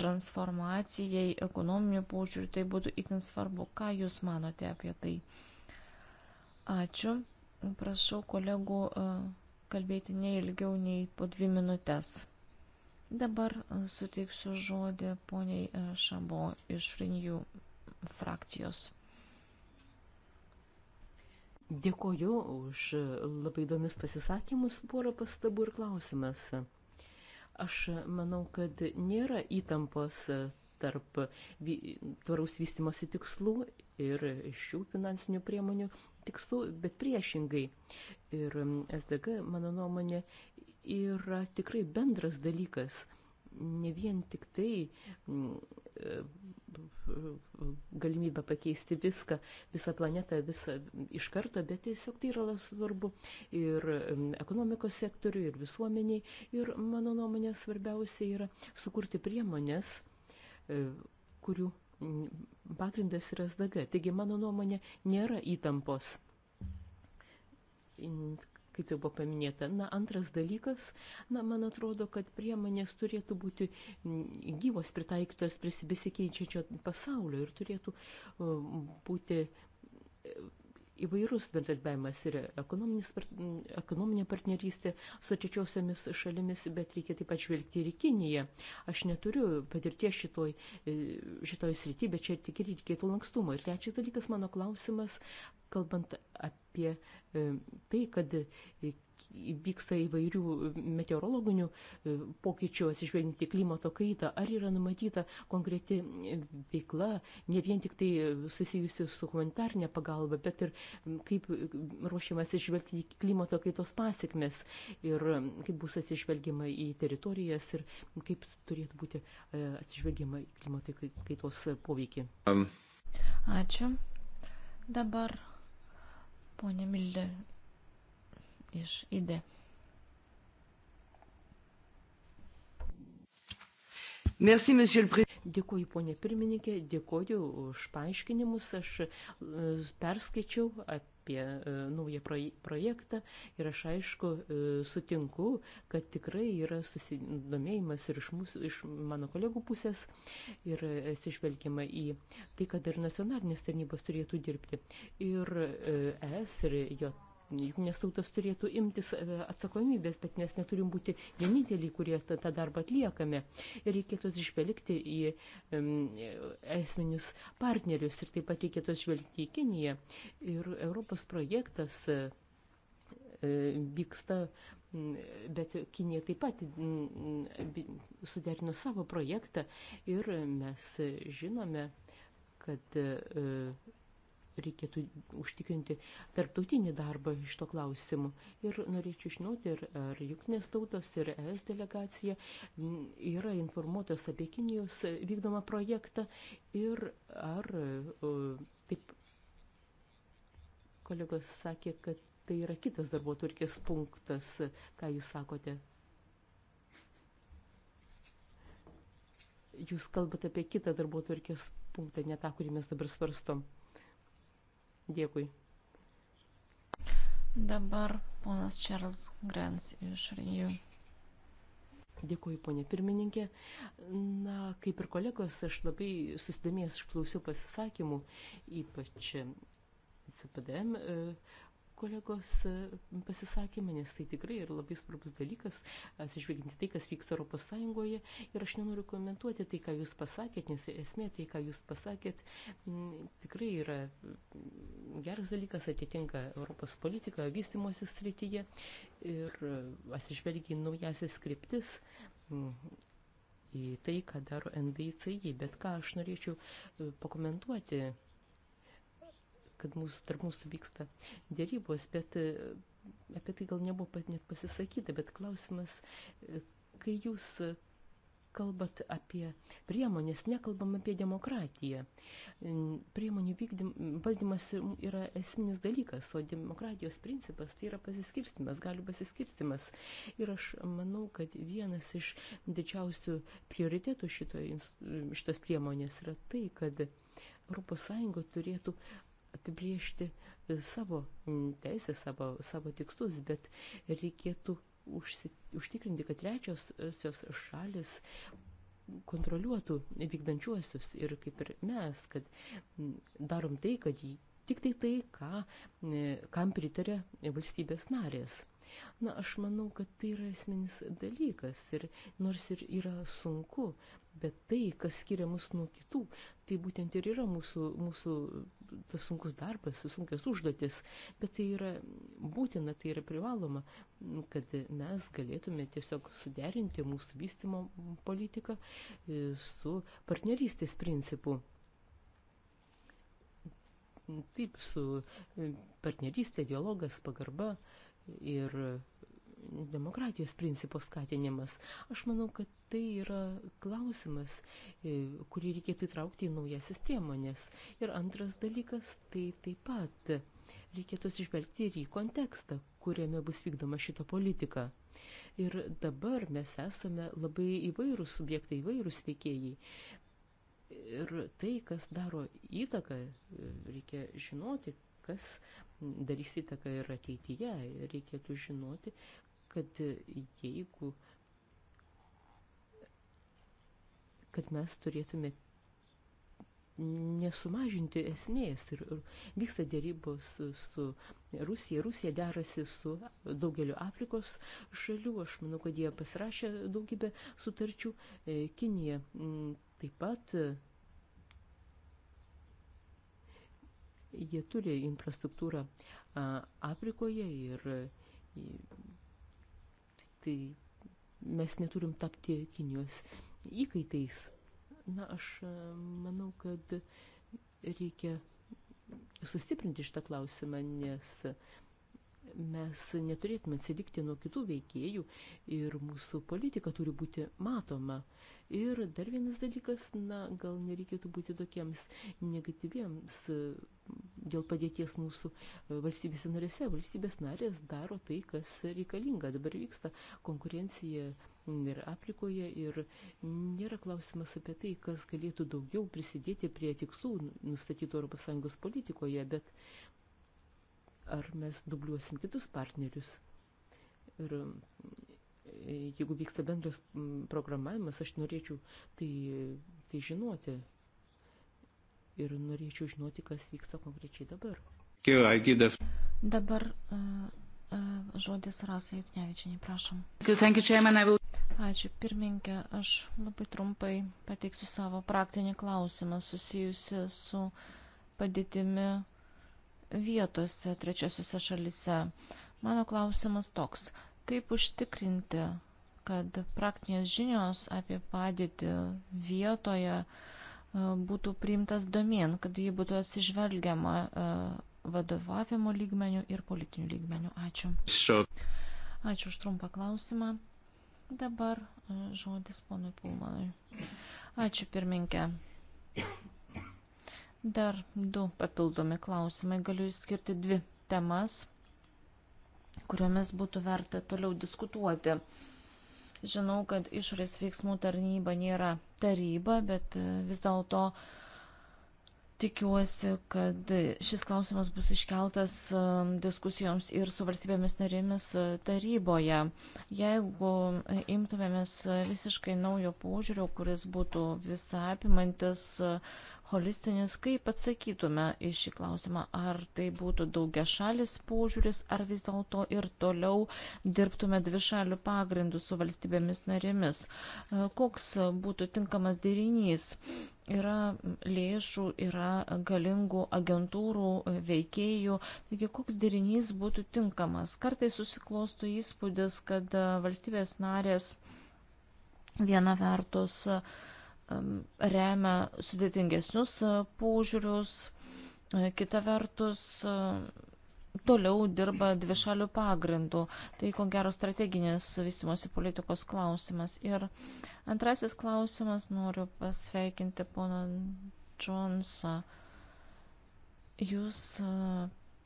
transformacijai, ekonominių požiūrių, tai būtų itin svarbu. Ką Jūs manote apie tai? Ačiū. Prašau kolegų e, kalbėti neilgiau nei po dvi minutės. Dabar e, suteiksiu žodį poniai e, Šabo iš Renijų frakcijos. Dėkoju už labai įdomius pasisakymus, porą pastabų ir klausimas. Aš manau, kad nėra įtampos tarp tvaraus vystimosi tikslų ir šių finansinių priemonių tikslų, bet priešingai. Ir SDG, mano nuomonė, yra tikrai bendras dalykas. Ne vien tik tai e, galimybę pakeisti viską, visą planetą, visą iš karto, bet tiesiog tai yra svarbu ir ekonomikos sektoriui, ir visuomeniai. Ir mano nuomonė svarbiausia yra sukurti priemonės, e, kurių pagrindas yra SDG. Taigi, mano nuomonė, nėra įtampos, kaip jau buvo paminėta. Na, antras dalykas, na, man atrodo, kad priemonės turėtų būti gyvos pritaikytos prie besikeičiančio pasaulio ir turėtų um, būti įvairus bendradarbiavimas ir ekonominė partnerystė su trečiosiomis šalimis, bet reikia taip pat žvelgti ir į Kiniją. Aš neturiu patirties šitoj, e, šitoj srity, bet čia tik reikėtų lankstumo. Ir trečias dalykas, mano klausimas, kalbant apie e, tai, kad vyksta įvairių meteorologinių e, pokyčių atsižvelginti klimato kaitą, ar yra numatyta konkreti veikla, ne vien tik tai susijusi su humanitarnė pagalba, bet ir kaip ruošiamas atsižvelgti į klimato kaitos pasiekmes ir kaip bus atsižvelgiama į teritorijas ir kaip turėtų būti e, atsižvelgiama į klimato kaitos poveikį. Um. Ačiū. Dabar, ponė Mildė, iš IDE. Merci, monsieur le président. Dėkuoju, ponė pirmininkė, dėkuoju už paaiškinimus. Aš e, perskaičiau apie e, naują projektą ir aš aišku e, sutinku, kad tikrai yra susidomėjimas ir iš, mūsų, iš mano kolegų pusės ir atsižvelgiama į tai, kad ir nacionalinės tarnybos turėtų dirbti. Ir ES ir JT jungtinės tautos turėtų imtis e, atsakomybės, bet mes neturim būti vieninteliai, kurie tą darbą atliekame. Reikėtų atsižvelgti į esminius partnerius ir taip pat reikėtų atsižvelgti į Kiniją. Ir Europos projektas e, e, vyksta, bet Kinė taip pat suderino savo projektą ir mes žinome, kad reikėtų užtikrinti tarptautinį darbą iš to klausimu. Ir norėčiau žinoti, ir, ar juknės tautos ir ES delegacija yra informuotos apie Kinijos vykdomą projektą ir ar, taip, kolegos sakė, kad tai yra kitas darbo turkės punktas, ką jūs sakote. Jūs kalbate apie kitą darbo turkės punktą, ne tą, kurį mes dabar svarstom. Dėkui. Dabar ponas Čarls Grans iš Rijų. Dėkuoju, ponė pirmininkė. Na, kaip ir kolegos, aš labai susidomėjęs išklausiau pasisakymų, ypač e, CPDM e, kolegos e, pasisakymą, nes tai tikrai yra labai svarbus dalykas, atsižvelginti tai, kas vyksta Europos Sąjungoje. Ir aš nenoriu komentuoti tai, ką jūs pasakėt, nes esmė tai, ką jūs pasakėt, m, tikrai yra geras dalykas, atitinka Europos politiką vystimosi srityje ir e, atsižvelgia į naujasias skriptis. M, į tai, ką daro NVCI, bet ką aš norėčiau e, pakomentuoti kad mūsų, tarp mūsų vyksta dėrybos, bet e, apie tai gal nebuvo net pasisakyta, bet klausimas, e, kai jūs kalbat apie priemonės, nekalbam apie demokratiją. Priemonių vykdym, valdymas yra esminis dalykas, o demokratijos principas tai yra pasiskirstimas, galių pasiskirstimas. Ir aš manau, kad vienas iš didžiausių prioritėtų šito, šitos priemonės yra tai, kad ES turėtų apibriežti e, savo teisę, savo, savo tikslus, bet reikėtų užsi, užtikrinti, kad trečiosios šalis kontroliuotų vykdančiuosius ir kaip ir mes, kad darom tai, kad jį tik tai tai, ką, kam pritarė valstybės narės. Na, aš manau, kad tai yra esminis dalykas ir nors ir yra sunku, bet tai, kas skiria mus nuo kitų, tai būtent ir yra mūsų, mūsų tas sunkus darbas, sunkias užduotis, bet tai yra būtina, tai yra privaloma, kad mes galėtume tiesiog suderinti mūsų vystimo politiką e, su partnerystės principu. Taip, su e, partnerystė, dialogas, pagarba ir demokratijos principo skatinimas. Aš manau, kad tai yra klausimas, e, kurį reikėtų įtraukti į naujasis priemonės. Ir antras dalykas, tai taip pat reikėtų atsižvelgti ir į kontekstą, kuriame bus vykdoma šita politika. Ir dabar mes esame labai įvairūs subjektai, įvairūs veikėjai. Ir tai, kas daro įtaką, reikia žinoti, kas darys įtaką ir ateityje. Reikėtų žinoti, kad e, jeigu kad mes turėtume nesumažinti esmės. Ir, ir vyksta dėrybos su, su Rusija. Rusija derasi su daugeliu Afrikos šalių. Aš manau, kad jie pasirašė daugybę sutarčių. E, Kinija taip pat. Jie turi infrastruktūrą Afrikoje ir Tai mes neturim tapti Kinijos įkaitais. Na, aš e, manau, kad reikia sustiprinti šitą klausimą, nes mes neturėtume atsilikti nuo kitų veikėjų ir mūsų politika turi būti matoma. Uh, Ir dar vienas dalykas, na, gal nereikėtų būti tokiems negatyviems dėl padėties mūsų e, valstybėse narėse. Valstybės narės daro tai, kas reikalinga. Dabar vyksta konkurencija ir aplikoje ir nėra klausimas apie tai, kas galėtų daugiau prisidėti prie tikslų nustatytų ES politikoje, bet ar mes dubliuosim kitus partnerius. Ir jeigu vyksta bendras programavimas, aš norėčiau tai, tai žinoti. Ir norėčiau žinoti, kas vyksta konkrečiai dabar. Dabar uh, uh, žodis Rasa Juknevičianė, prašom. Ačiū, pirmininkė. Aš labai trumpai pateiksiu savo praktinį klausimą susijusi su padėtimi vietose trečiosiuose šalise. Mano klausimas toks. Kaip užtikrinti, kad praktinės žinios apie padėtį vietoje e, būtų priimtas domin, kad jį būtų atsižvelgiama e, vadovavimo lygmenių ir politinių lygmenių. Ačiū. Ačiū už trumpą klausimą. Dabar e, žodis ponui Pulmanui. Ačiū pirminkė. Dar du papildomi klausimai. Galiu išskirti dvi temas kuriomis būtų verta toliau diskutuoti. Žinau, kad išorės veiksmų tarnyba nėra taryba, bet e, vis dėlto tikiuosi, kad šis klausimas bus iškeltas e, diskusijoms ir su valstybėmis narėmis e, taryboje. Jeigu imtumėmės visiškai naujo požiūrio, kuris būtų visapimantis, apimantis, holistinis, kaip atsakytume į šį klausimą, ar tai būtų daugia šalis požiūris, ar vis dėlto ir toliau dirbtume dvi šalių pagrindų su valstybėmis narėmis. E, koks būtų tinkamas dėrinys? Yra lėšų, yra galingų agentūrų, veikėjų. Taigi, koks dėrinys būtų tinkamas? Kartai susiklosto įspūdis, kad valstybės narės viena vertus uh, remia sudėtingesnius e, požiūrius, e, kita vertus e, toliau dirba dvišalių pagrindų. Tai ko gero strateginis vystimosi politikos klausimas. Ir antrasis klausimas noriu pasveikinti poną Džonsą. Jūs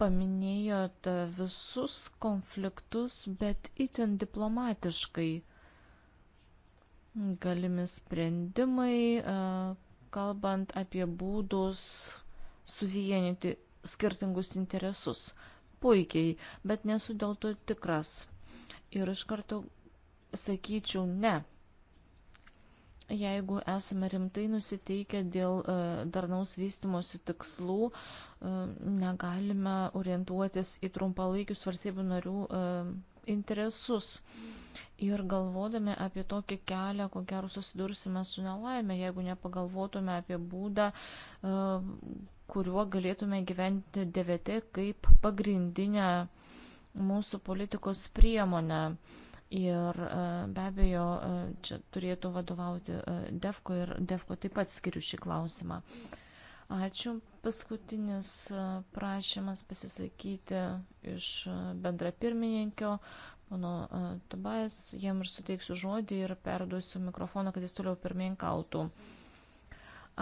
paminėjot visus konfliktus, bet itin diplomatiškai galimi sprendimai, kalbant apie būdus suvienyti skirtingus interesus. Puikiai, bet nesu dėl to tikras. Ir iš karto sakyčiau ne. Jeigu esame rimtai nusiteikę dėl darnaus vystimosi tikslų, negalime orientuotis į trumpalaikius valstybių narių interesus. Ir galvodami apie tokį kelią, ko gero susidursime su nelaimė, jeigu nepagalvotume apie būdą, e, kuriuo galėtume gyventi DVT kaip pagrindinę mūsų politikos priemonę. Ir e, be abejo, e, čia turėtų vadovauti DEFCO ir DEFCO taip pat skiriu šį klausimą. Ačiū, Paskutinis prašymas pasisakyti iš bendrapirmininkio, mano Tobajas, jam ir suteiksiu žodį ir perduosiu mikrofoną, kad jis toliau pirmininkautų.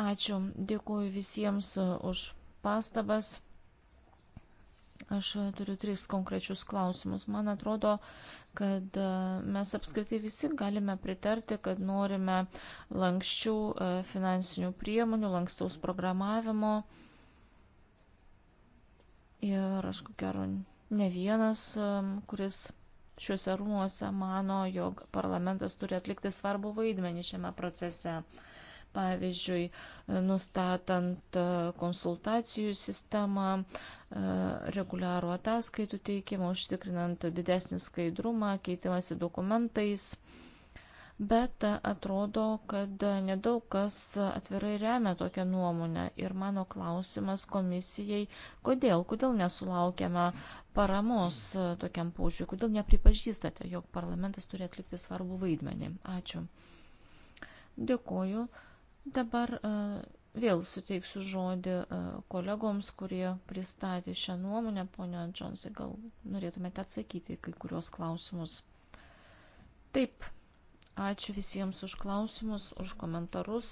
Ačiū, dėkuoju visiems už pastabas. Aš turiu tris konkrečius klausimus. Man atrodo, kad mes apskritai visi galime pritarti, kad norime lankščių finansinių priemonių, lankstaus programavimo. Ir aš ko gero ne vienas, kuris šiuose rūmuose mano, jog parlamentas turi atlikti svarbu vaidmenį šiame procese. Pavyzdžiui, nustatant e, konsultacijų sistemą, e, reguliarų ataskaitų teikimą, užtikrinant didesnį skaidrumą, keitimąsi dokumentais bet e, atrodo, kad e, nedaug kas atvirai remia tokią nuomonę. Ir mano klausimas komisijai, kodėl, kodėl nesulaukiame paramos e, tokiam požiūriui, kodėl nepripažįstate, jog parlamentas turi atlikti svarbų vaidmenį. Ačiū. Dėkoju. Dabar vėl suteiksiu žodį kolegoms, kurie pristatė šią nuomonę. Pone Džonsai, gal norėtumėte atsakyti kai kurios klausimus? Taip, Ačiū visiems už klausimus, už komentarus,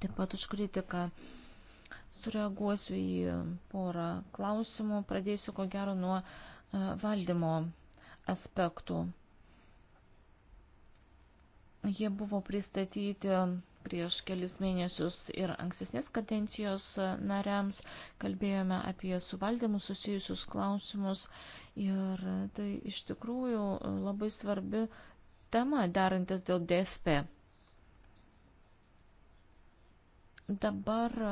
taip pat už kritiką. Sureaguosiu į porą klausimų. Pradėsiu ko gero nuo e, valdymo aspektų. Jie buvo pristatyti prieš kelis mėnesius ir ankstesnės kadencijos nariams kalbėjome apie suvaldymus susijusius klausimus ir tai iš tikrųjų labai svarbi temą derantis dėl DFP. Dabar e,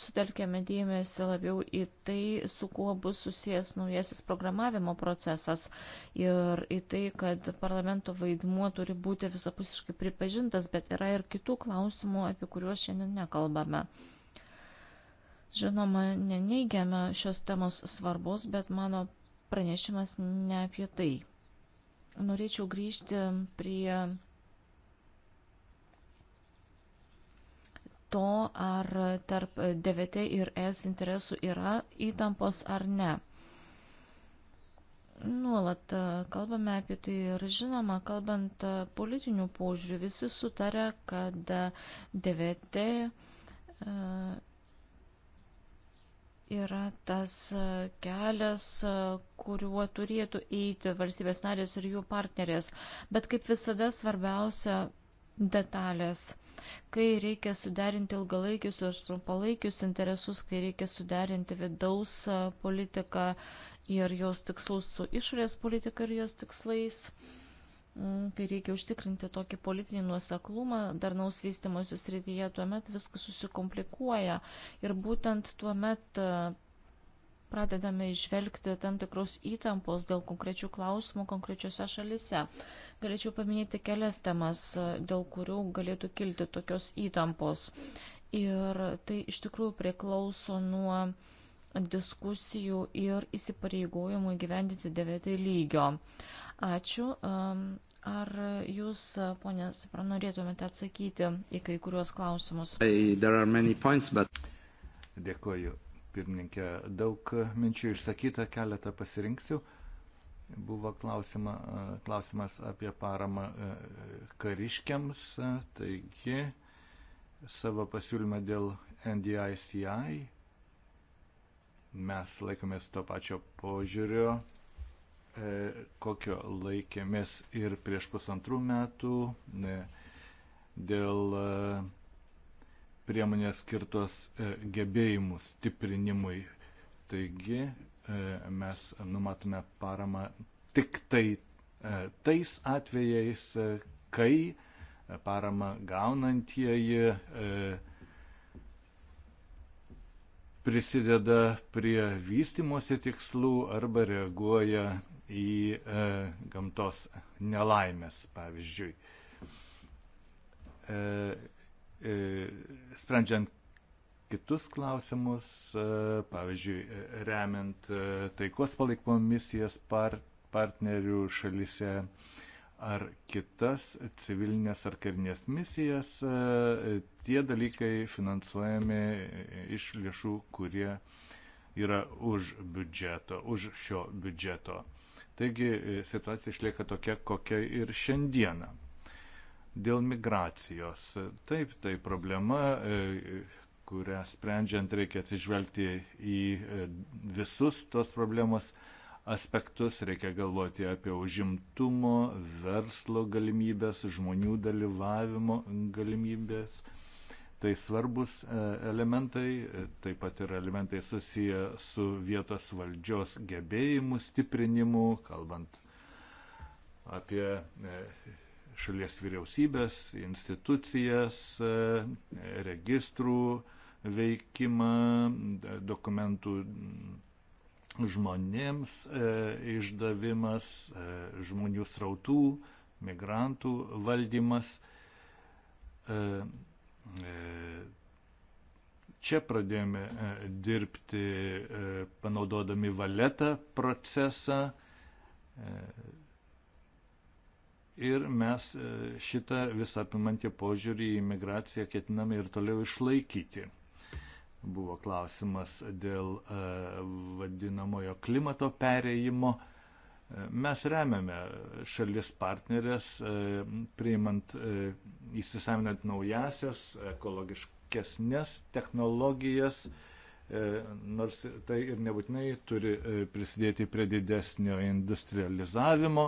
sutelkėme dėmesį labiau į tai, su kuo bus susijęs naujasis programavimo procesas ir į tai, kad parlamento vaidmuo turi būti visapusiškai pripažintas, bet yra ir kitų klausimų, apie kuriuos šiandien nekalbame. Žinoma, neneigiame šios temos svarbos, bet mano pranešimas ne apie tai. Norėčiau grįžti prie to, ar tarp DVT ir S interesų yra įtampos ar ne. Nuolat kalbame apie tai ir žinoma, kalbant politinių požiūrių, visi sutarė, kad DVT e, yra tas kelias, kuriuo turėtų eiti valstybės narės ir jų partnerės. Bet kaip visada svarbiausia detalės kai reikia suderinti ilgalaikius ir trumpalaikius interesus, kai reikia suderinti vidaus politiką ir jos tikslus su išorės politika ir jos tikslais, mm, kai reikia užtikrinti tokį politinį nuoseklumą darnaus vystimosi srityje, tuomet viskas susikomplikuoja ir būtent tuomet pradedame išvelgti tam tikrus įtampos dėl konkrečių klausimų konkrečiose šalise. Galėčiau paminėti kelias temas, dėl kurių galėtų kilti tokios įtampos. Ir tai iš tikrųjų priklauso nuo diskusijų ir įsipareigojimų įgyvendinti devietį lygio. Ačiū. Ar jūs, ponė Sipra, norėtumėte atsakyti į kai kuriuos klausimus? Hey, points, but... Dėkuoju pirmininkė. Daug minčių išsakyta, keletą pasirinksiu. Buvo klausima, klausimas apie paramą e, kariškiams, taigi savo pasiūlymą dėl NDICI mes laikomės to pačio požiūrio, e, kokio laikėmės ir prieš pusantrų metų e, dėl priemonės skirtos e, gebėjimų stiprinimui. Taigi e, mes numatome paramą tik tai e, tais atvejais, kai paramą gaunantieji prisideda prie vystimosi tikslų arba reaguoja į e, gamtos nelaimės, pavyzdžiui. E, E, sprendžiant kitus klausimus, e, pavyzdžiui, remiant e, taikos palaikymo misijas par, partnerių šalise ar kitas civilinės ar karinės misijas, tie dalykai finansuojami iš lėšų, kurie yra už biudžeto, už šio biudžeto. Taigi situacija išlieka tokia, kokia ir šiandieną. Dėl migracijos. Taip, tai problema, e, kurią sprendžiant reikia atsižvelgti į e, visus tos problemos aspektus, reikia galvoti apie užimtumo, verslo galimybės, žmonių dalyvavimo galimybės. Tai svarbus e, elementai, taip pat ir elementai susiję su vietos valdžios gebėjimų stiprinimu, kalbant apie šalies vyriausybės, institucijas, registrų veikimą, dokumentų žmonėms e, išdavimas, e, žmonių srautų, migrantų valdymas. E, čia pradėjome dirbti panaudodami valetą procesą ir mes e, šitą visapimantį požiūrį į migraciją ketiname ir toliau išlaikyti. Buvo klausimas dėl e, vadinamojo klimato pereimo. E, mes remiame šalis partnerės, priimant įsisavinant naujasias ekologiškesnės technologijas, nors tai ir nebūtinai turi prisidėti prie didesnio industrializavimo.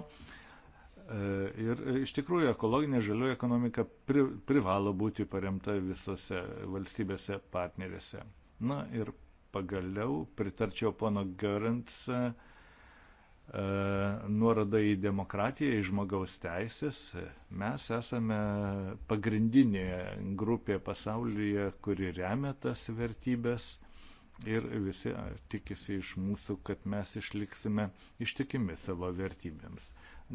E, ir iš tikrųjų ekologinė žalioji ekonomika pri, privalo būti paremta visose valstybėse partnerėse. Na ir pagaliau pritarčiau pono Görens e, nuorodai į demokratiją, į žmogaus teisės. Mes esame pagrindinė grupė pasaulyje, kuri remia tas vertybės ir visi tikisi iš mūsų, kad mes išliksime ištikimi savo vertybėms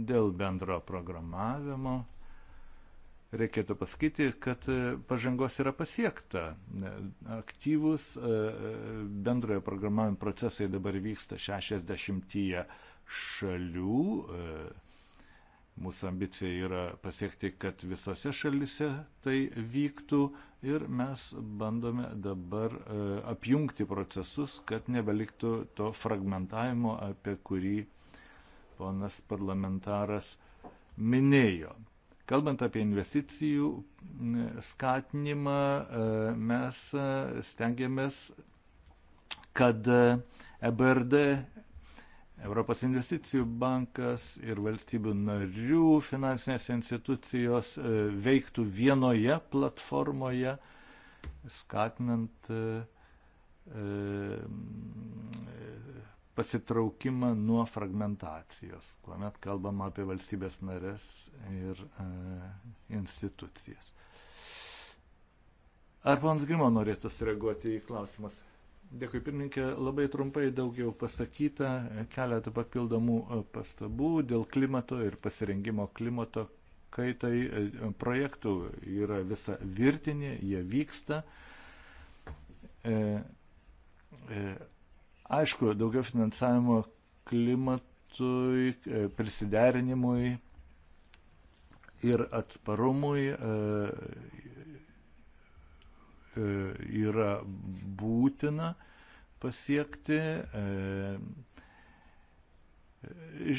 dėl bendro programavimo. Reikėtų pasakyti, kad e, pažangos yra pasiekta. E, aktyvus e, bendrojo programavimo procesai dabar vyksta 60 šalių. Mūsų ambicija yra pasiekti, kad visose šalise tai vyktų ir mes bandome dabar apjungti procesus, kad nebeliktų to fragmentavimo, apie kurį ponas parlamentaras minėjo. Kalbant apie investicijų skatinimą, e, mes e, stengiamės, kad EBRD, e Europos investicijų bankas ir valstybių narių finansinės institucijos veiktų vienoje platformoje, skatinant pasitraukimą nuo fragmentacijos, kuomet kalbam apie valstybės narės ir e, institucijas. Ar pons Grimo norėtų sureaguoti į klausimus? Dėkui, pirmininkė, labai trumpai daugiau pasakyta, keletą papildomų e, pastabų dėl klimato ir pasirengimo klimato kaitai e, projektų yra visa virtinė, jie vyksta. E, e, Aišku, daugiau finansavimo klimatui, e, prisiderinimui ir atsparumui e, e, yra būtina pasiekti.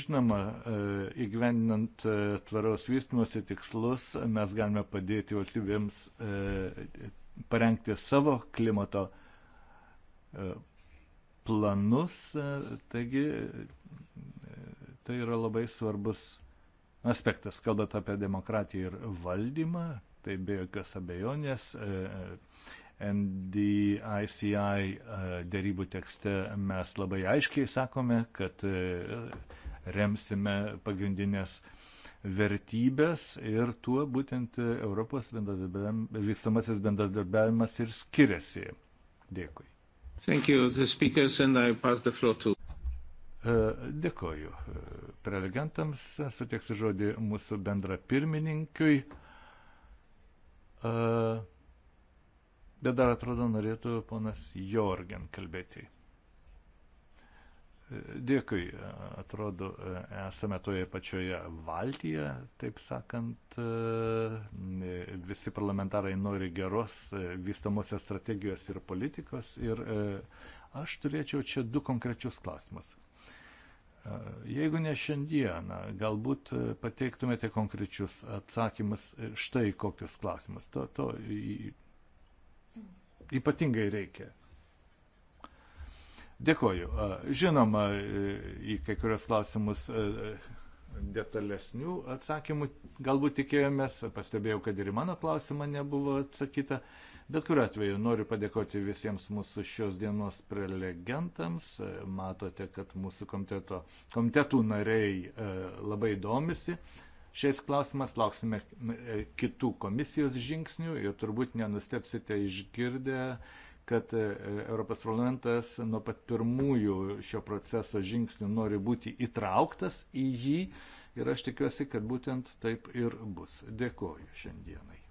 Žinoma, įgyvendinant tvaraus vystimosi tikslus mes galime padėti valstybėms parengti savo klimato planus, e, taigi e, tai yra labai svarbus aspektas, kalbant apie demokratiją ir valdymą, tai be jokios abejonės e, NDICI dėrybų tekste mes labai aiškiai sakome, kad remsime pagrindinės vertybės ir tuo būtent Europos bendradarbiavimas, visumasis bendradarbiavimas ir skiriasi. Dėkui. Thank you, the speakers, and I pass the floor to. E, dėkoju. E, prelegentams suteiksiu žodį mūsų bendra pirmininkiui. E, bet dar atrodo norėtų ponas Jorgen kalbėti. Dėkui, atrodo, esame toje pačioje valtyje, taip sakant, visi parlamentarai nori geros vystamosios strategijos ir politikos ir aš turėčiau čia du konkrečius klausimus. Jeigu ne šiandieną, galbūt pateiktumėte konkrečius atsakymus štai kokius klausimus. To, to ypatingai reikia. Dėkoju. Žinoma, į kai kurios klausimus detalesnių atsakymų galbūt tikėjomės, pastebėjau, kad ir į mano klausimą nebuvo atsakyta. Bet kuriu atveju noriu padėkoti visiems mūsų šios dienos prelegentams. Matote, kad mūsų komiteto, komitetų nariai labai domisi. Šiais klausimas lauksime e, kitų komisijos žingsnių ir turbūt nenustepsite išgirdę kad e, Europos parlamentas nuo pat pirmųjų šio proceso žingsnių nori būti įtrauktas į jį ir aš tikiuosi, kad būtent taip ir bus. Dėkoju šiandienai.